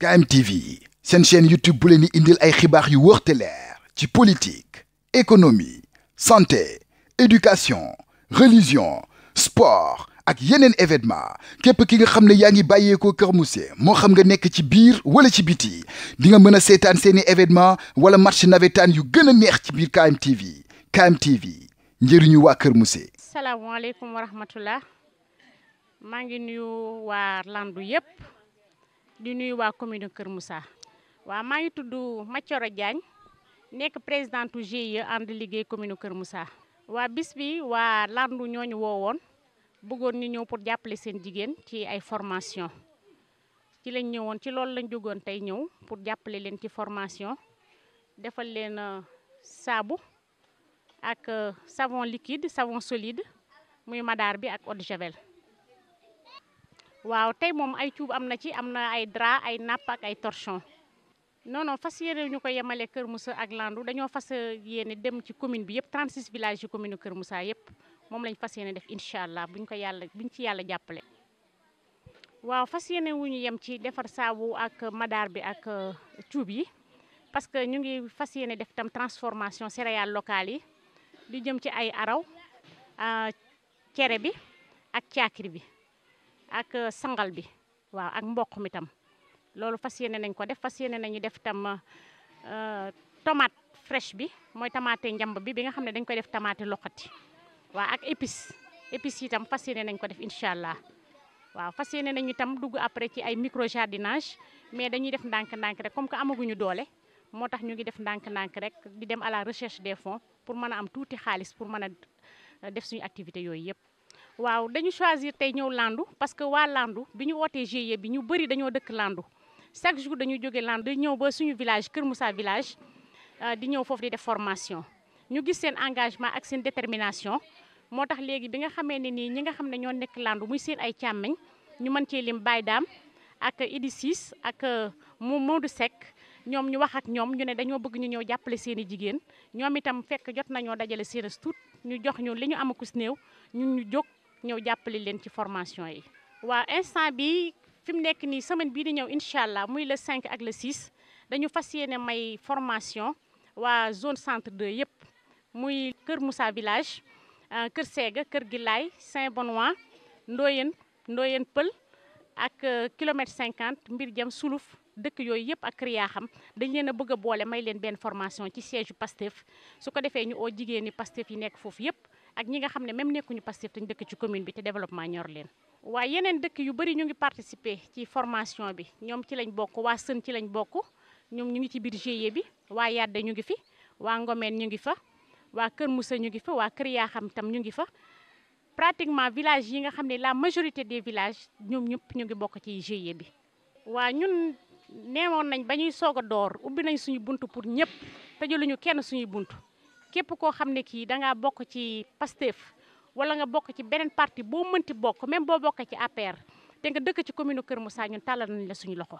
KMTV une chaîne YouTube bu leen di indil ay xibaar yu wër te ci politique économie santé éducation religion sport ak yenen événement Kep ki nga xam ne nga ngi ko Kër Mousse mo xam nga nek ci biir wala ci biti di nga mën sétane seetaan événement wala match nawetaan yu gëna neex ci biir KMTV KMTV njëriñu wa Kër Mousse. salaamaaleykum wa rahmatullah ma ngi nuyu wa landu yépp di nuyu waa commune Kër Moussa. waaw maa ngi tudd Mathioro Diagne nekk présidente GIE ànd liggéey commune Kër Moussa. waa bis bi waa landu woo woon bëggoon ñu ñëw pour jàppale seen jigéen ci ay formation ci lañ ñëwoon ci loolu lañ jógoon tey ñëw pour jàppale leen ci formation defal leen euh, saabu ak euh, savon liquide savon solide muy madaar bi ak eau de javel waaw tey moom ay cuub am na ci am na ay drap ay napp ak ay torchon non non fas yéene ñu ko yemale Kër Moussa ak Landou dañoo fas yéene dem ci commune bi yëpp 36 villages yu commune Kër Moussa yëpp moom lañ fas yéene def incha allah buñ ko yàlla buñ ci yàlla jàppale. waaw fas yéene wu ñu yem ci defar saabu ak madaar bi ak uh, cuub yi parce que ñu ngi fas yéene def tam transformation céréales locales yi di jëm ci ay araw uh, cere bi ak caakiri bi. ak euh, sangal bi waaw ak mboq mi loolu fas yéene nañ ko def fas yéene nañu def tam euh, tomate fraîche bi mooy tamaate njamb bi bi nga xam ne dañ koy def tamaate loxati waaw ak épice épice yitam tam fas yéene nañ ko def incha allah waaw fas yéene nañ itam dugg après ci ay micro jardinage mais dañuy def ndànk-ndànk rek comme que amaguñu doole moo tax ñu ngi def ndànk-ndànk rek di dem à la recherche des fonds pour mën a am tuuti xaalis pour mën a euh, def suñu activité yooyu yëpp. waaw dañu choisir tay ñew landu parce que wa landu biñu woté wootee GIE bi ñu bëri dañu dëkk landu chaque jour dañu joggé landu ñew ba suñu village Keur Moussa village euh, di ñew fofu di def formation ñu gis seen engagement ak seen détermination motax légui bi nga xamé ni ñi nga xamné ñoo nekk landu muy seen ay chamagn ñu mën ci lim baydam ak Idi Sis ak euh, Modou Seck ñom ñu wax ak ñom ñu né dañoo bëgg ñu ñew jappalé seen i ñom itam fekk jot nañoo dajale seen as ñu jox ñu liñu am amakus néew ñun ñu jox ñëw jàppale leen ci formation yi. waa instant bi fi mu nekk nii semaine bii di ñëw incha allah muy le cinq ak le 6 dañu fas yéene may formation waa zone centre de yëpp muy Kër Moussa village euh, Kër Sega Kër Gilaay Saint-Benoît Ndoyen Ndoyen Pël ak euh, kilomètre cinquante mbir jëm suluf dëkk yooyu yëpp ak kër yaa xam dañ leen a bëgg boole may leen benn formation ci siège Pastef su ko defee ñu oo jigéeni Pastef yi nekk foofu yëpp. ak ñi nga xam ne même nekkuñu Pastef te ñu dëkk ci commune bi te développement ñor leen. waaye yeneen dëkk yu bëri ñu ngi participer ci formation bi ñoom ci lañ bokk waa Sën ci lañ bokk ñoom ñu ngi ci biir GIE bi waa Yadda ngi fi waa Ngomeen ñu ngi fa waa Kër Moussa ñu ngi fa waa Kër yaa xam tam ñu ngi fa. pratiquement village yi nga xam ne la majorité des villages ñoom ñëpp ñu ngi bokk ci GIE bi waa ñun neewoon nañ ba ñuy soog a door ubbi nañ suñu bunt pour ñëpp tëjaluñu kenn suñuy bunt képp koo xam ne kii dangaa bokk ci Pastef wala nga bokk ci beneen parti boo mënti bokk même boo bokk ci APR te nga dëkk ci commune Kër Moussa ñun tàllal nañ la suñu loxo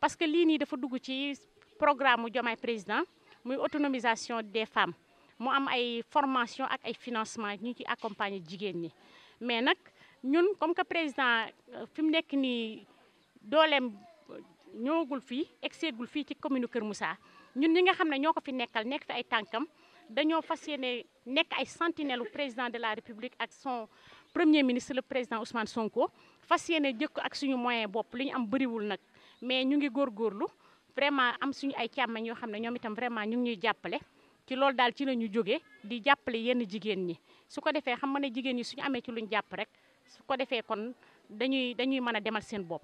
parce que lii nii dafa dugg ci programme mu Diomaye président muy autonomisation des femmes mu am ay formation ak ay financement ñu ci accompagner jigéen ñi mais nag ñun comme que président euh, fi mu nekk nii dooleem ñëwagul fii egseegul fii ci commune Kër Moussa ñun ñi nga xam ne ñoo ko fi nekkal nekk fi ay tànkam dañoo fas yéene nekk ay sentinelle président de la république ak son premier ministre le président Ousmane Sonko fas yéene jëkk ak suñu moyen bopp lu ñu am bariwul nag mais ñu ngi góorgóorlu vraiment am suñu ay càmmañ yoo xam ne ñoom itam vraiment ñu ngi ñuy jàppale ci loolu daal ci la ñu jógee di jàppale yenn jigéen ñi su ko defee xam nga ne jigéen ñi suñu amee ci lu ñu jàpp rek su ko defee kon dañuy dañuy mën a demal seen bopp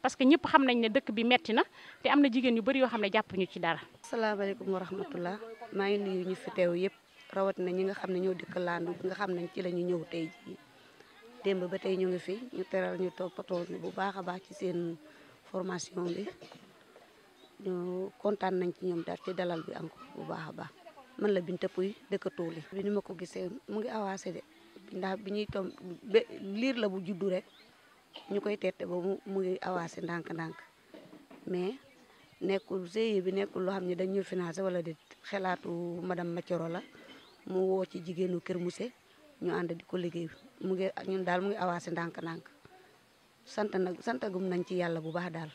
parce que ñëpp xam nañ ne dëkk bi metti na te am na jigéen yu bëri yoo xam ne jàppuñu ci dara. asalaamaaleykum wa rahmatullah maa ngi nuyu ñu fi teew yëpp rawat na ñi nga xam ne ñoo dikk Landu nga xam ne ci la ñu ñëw tey jii démb ba tey ñu ngi fi ñu teral ñu toppatoo bu baax a baax ci seen formation bi ñu kontaan nañ ci ñoom daal ci dalal bi encore bu baax a baax man la Binta Pouy dëkk Tuuli bi ni ma ko gisee mu ngi avancé de ndax bi ñuy tom liir la bu juddu rek ñu koy tette ba mu mu ngi avancé ndànk-ndànk mais nekkul GIE bi nekkul loo xam ne dañuy financé wala di xalaatu madame Mathioro la mu woo ci jigéenu Kër Mousse ñu ànd di ko liggéey mu ngi ñun daal mu ngi avancé ndànk-ndànk sant nag santagum nañ ci yàlla bu baax daal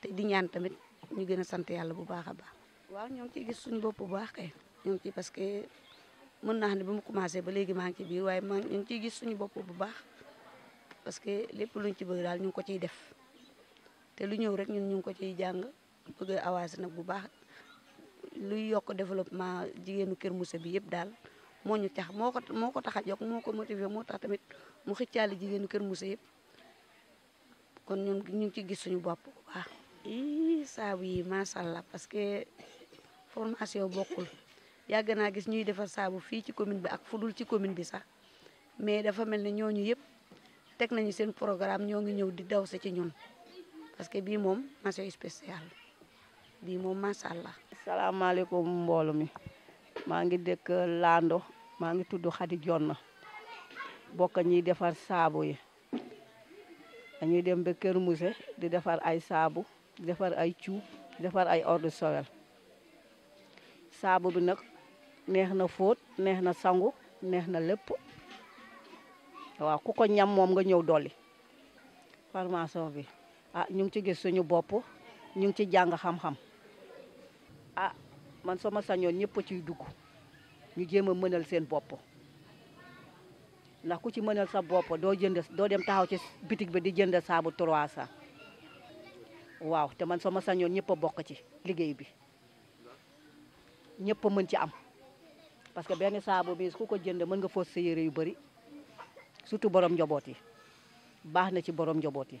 te di ñaan tamit ñu gën a sant yàlla bu baax a baax. waaw ñoo ngi ciy gis suñu bopp bu baax kay ñoo ngi ci parce que mën naa ne ba mu commencé ba léegi maa ngi ci biir waaye ma ñu ngi ciy gis suñu bopp bu baax parce que lépp luñ ci bëgg daal ñu ngi ko ciy def. te lu ñëw rek ñun ñu ko ciy jàng bëgg avancer avancé bu baax luy yokk développement jigéenu Kër musse bi yëpp daal moo ñu tax moo ko moo ko tax a jóg moo ko motivé moo tax tamit mu xiccaale jigéenu Kër musse yëpp kon ñun ñu ci gis suñu bopp bu baax. ii saabu yi macha allah parce que formation bokkul yàgg naa gis ñuy defar saabu fii ci commune bi ak fudul ci commune bi sax mais dafa mel ne ñooñu yëpp teg nañu seen programme ñoo ngi ñëw di daw ci ñun parce que bi spesial masse spéciale bii moom macha allah. alaykum mbolo mi ma ngi dekk Lando ma ngi tuddu khadi jonne bokk ñi defar sabu yi dañuy dem be keur musse di defar ay sabu, di defar ay cuub defar ay ordre de sabu bi nak neexna na neexna neh na sangu neh na wa waaw ku ko ñam mom nga ñew doli formation bi ah ñu ngi ci gis suñu bop ñu ngi ci jang xam-xam ah man sama sañoon ñepp ci dugg ñu jema mënal seen bop ndax ku ci mënal sa bop do jënd do dem taxaw ci bitig bi di jënd bu 300 waaw te man sama sañoon ñepp bok ci liggey bi ñepp mën ci am parce que benn saabu bi ku ko jënd mën nga foos sa yu bari surtout borom njobot yi baxna ci borom njobot yi